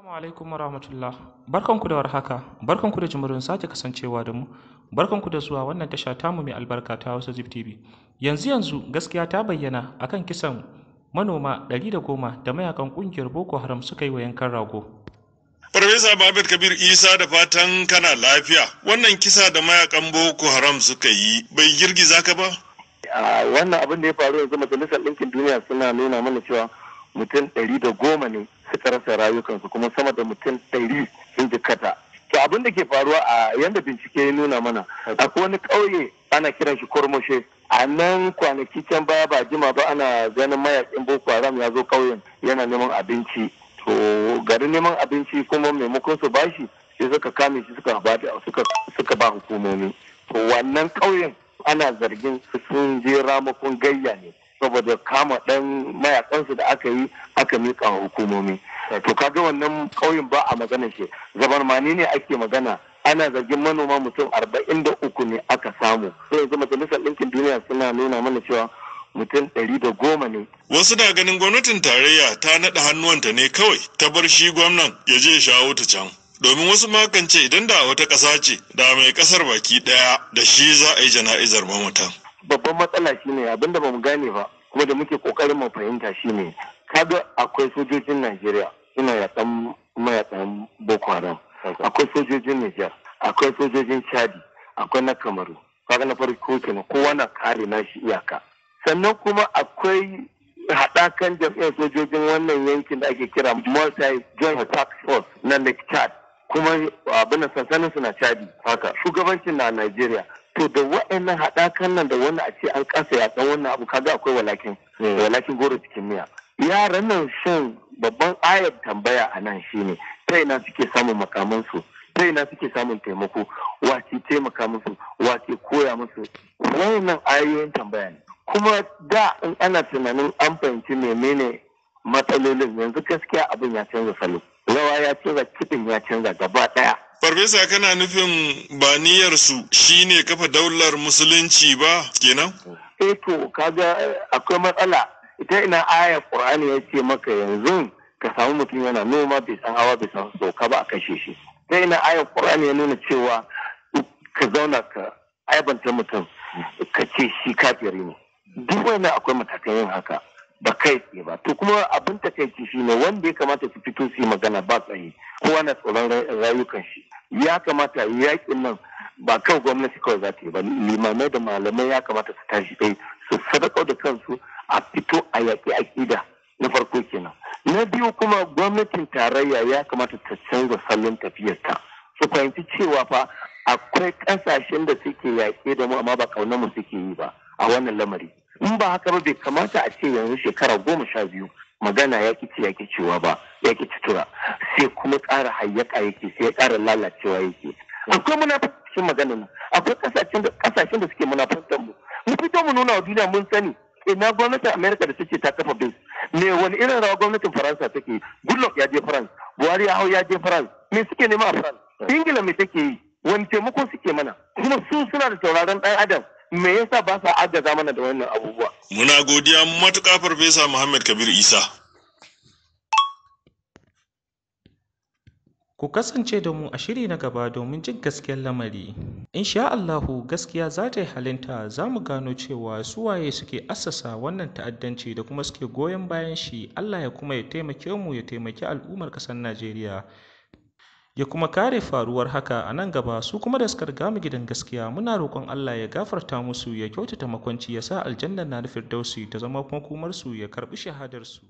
Assalamu alaikum warahmatullah. Barkanku da warhaka. Barkanku da jimurin sake kasancewa da mu. Barkanku da zuwa wannan tasha tamu mai albarka ta Hausa Zip TV. Yanzu yanzu gaskiya ta bayyana akan kisan manoma ɗari da goma da mayakan ƙungiyar Boko Haram suka yi wa yankan rago. Farfesa Babir Kabir Isa da fatan kana lafiya. Wannan kisa da mayakan Boko Haram suka yi bai girgiza ka ba? wannan abin da ya faru yanzu majalisar ɗinkin duniya suna nuna mana cewa mutum ɗari da goma ne suka rasa rayukansu kuma sama da mutum ɗari sun jikata to abin da ke faruwa a yadda bincike ya nuna mana akwai wani ƙauye ana kiran shi kormoshe a nan kwanaki can baya ba jima ba ana ganin mayakin boko haram ya zo ƙauyen yana neman abinci to garin neman abinci kuma maimakon su bashi sai suka kame shi suka ba suka ba hukumomi to wannan ƙauyen ana zargin sun je ramakon gayya ne saboda kama ɗan mayakansu da aka yi aka miƙa hukumomi to kaga wannan ƙauyen ba a magana zabar mani ne ake magana ana zargin manoma mutum arba'in da uku ne aka samu sai yanzu majalisar ɗinkin duniya suna nuna mana cewa mutum ɗari da goma ne. Wasu na ganin gwamnatin tarayya ta naɗa hannuwanta ne kawai ta bar shi gwamnan ya je shawo ta can. Domin wasu makance idan da wata ƙasa ce da mai ƙasar baki ɗaya da shi za a yi jana'izar mamata. babban matsala shine abinda bamu gane ba kuma da muke kokarin mu fahimta shine kaga akwai sojojin Najeriya suna yakan mayakan Boko Haram akwai sojojin Niger akwai sojojin Chadi akwai na Kamaru kaga na farko kenan kowa na kare nashi iyaka sannan kuma akwai haɗakan jam'iyyar sojojin wannan yankin da ake kira multi joint task force na lake chad kuma abin sansanin suna chadi haka shugabancin na Najeriya to da wa'annan haɗakan nan da wannan a ce an kasa san wannan abu kaga akwai walakin hmm. walakin goro cikin miya yaran nan shin babban ayar tambaya a nan shine ta ina suke samun makamansu ta ina suke samun taimako wace taimaka musu wace koya musu wannan ayoyin tambaya ne kuma da in ana tunanin an fahimci menene matsalolin yanzu gaskiya abin ya canza salo rawa ya canza kiɗin ya canza gaba ɗaya farfesa kana nufin ba su shine kafa daular musulunci ba kenan? eh to kaga akwai matsala ita ina aya qur'ani ya ce maka yanzu ka samu mutum yana noma bai san hawa bai san sauka ba a kashe shi ta ina aya qur'ani ya nuna cewa ka zauna ka aibanta mutum ka ce shi kafiri ne duk wani akwai matakan yin haka ba kai tsaye ba to kuma abin takaici ne wanda ya kamata su fito su yi magana ba tsaye kowa na tsoron rayukan shi ya kamata yakin nan ba kan gwamnati kawai za ta yi ba limamai da malamai ya kamata su tashi ɗai su sadakar da kansu a fito a yaƙi aƙida na farko kenan na biyu kuma gwamnatin tarayya ya kamata ta canza salon tafiyarta su fahimci cewa fa akwai ƙasashen da suke yaƙe da mu amma ba ƙaunar mu suke yi ba a wannan lamari in ba haka ba bai kamata a ce yanzu shekara goma sha biyu magana ya ki ya ki cewa ba ya ki tura sai kuma ƙara hayyaka yake sai ya ƙara lalacewa yake akwai munafurci magana nan akwai kasashen da suke munafurtar mu mu fito mu nuna wa duniya mun sani ina gwamnatin amerika da ce ta kafa bin me wani irin rawa gwamnatin faransa take goodluck ya je france buhari ya hau ya je france me suke nema a france ingila me take yi wani taimako suke mana kuma su suna da tauraron dan adam me yasa ba sa agaza mana da wannan abubuwa muna godiya matuƙa farfesa muhammad kabir isa Ku kasance da mu a shiri na gaba domin jin gaskiyar lamari. in sha Allahu gaskiya za ta yi halinta za mu gano cewa suwaye suke assasa wannan ta'addanci da kuma suke goyon bayan shi Allah ya kuma ya taimake mu ya taimaki al'ummar ƙasar Najeriya. ya kuma kare faruwar haka a nan gaba su kuma da suka riga mu gidan gaskiya muna roƙon Allah ya gafarta musu ya kyautata makwanci ya sa aljanna na firdausi ta zama makomarsu ya karɓi shahadarsu